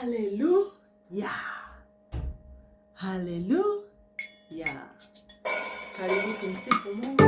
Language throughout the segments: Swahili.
Haleluya, haleluya. Karibu, tumsifu Mungu.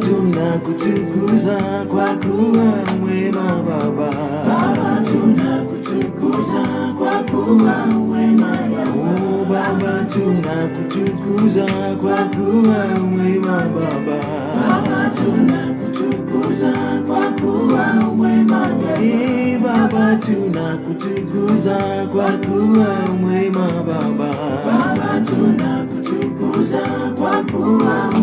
tunakutukuza kwa kuwa mwema Baba. Baba tunakutukuza oh, kwa kuwa mwema Baba. Baba tunakutukuza kwa kuwa mwema Baba. Baba tunakutukuza kwa kuwa mwema Baba. Baba tunakutukuza kwa kuwa mwema Baba. Baba tunakutukuza kwa kuwa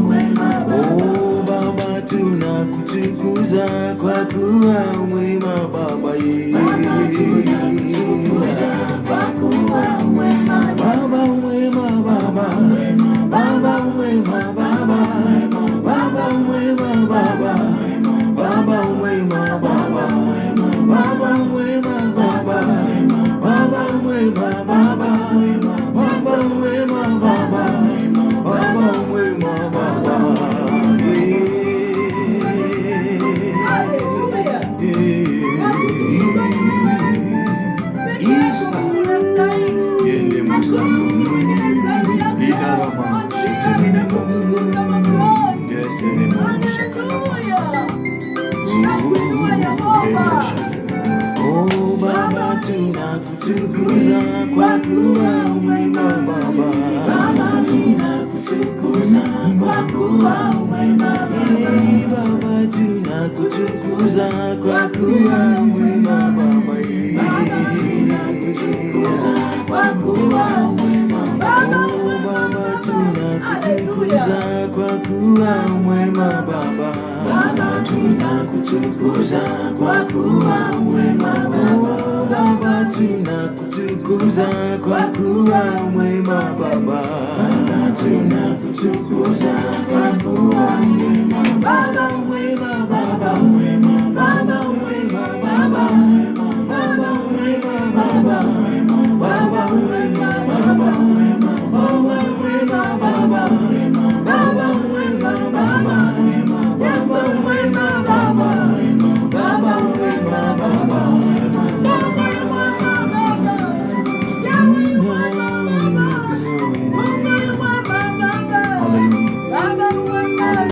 tunakutukuza kwa kuwa umwema Baba yetu. Oh Baba, tunakutukuza kwa kuwa umema Baba tunakutukuza kwa kuwa mwema Baba, Baba tunakutukuza kwa kuwa mwema Baba. Baba, tunakutukuza kwa kuwa mwema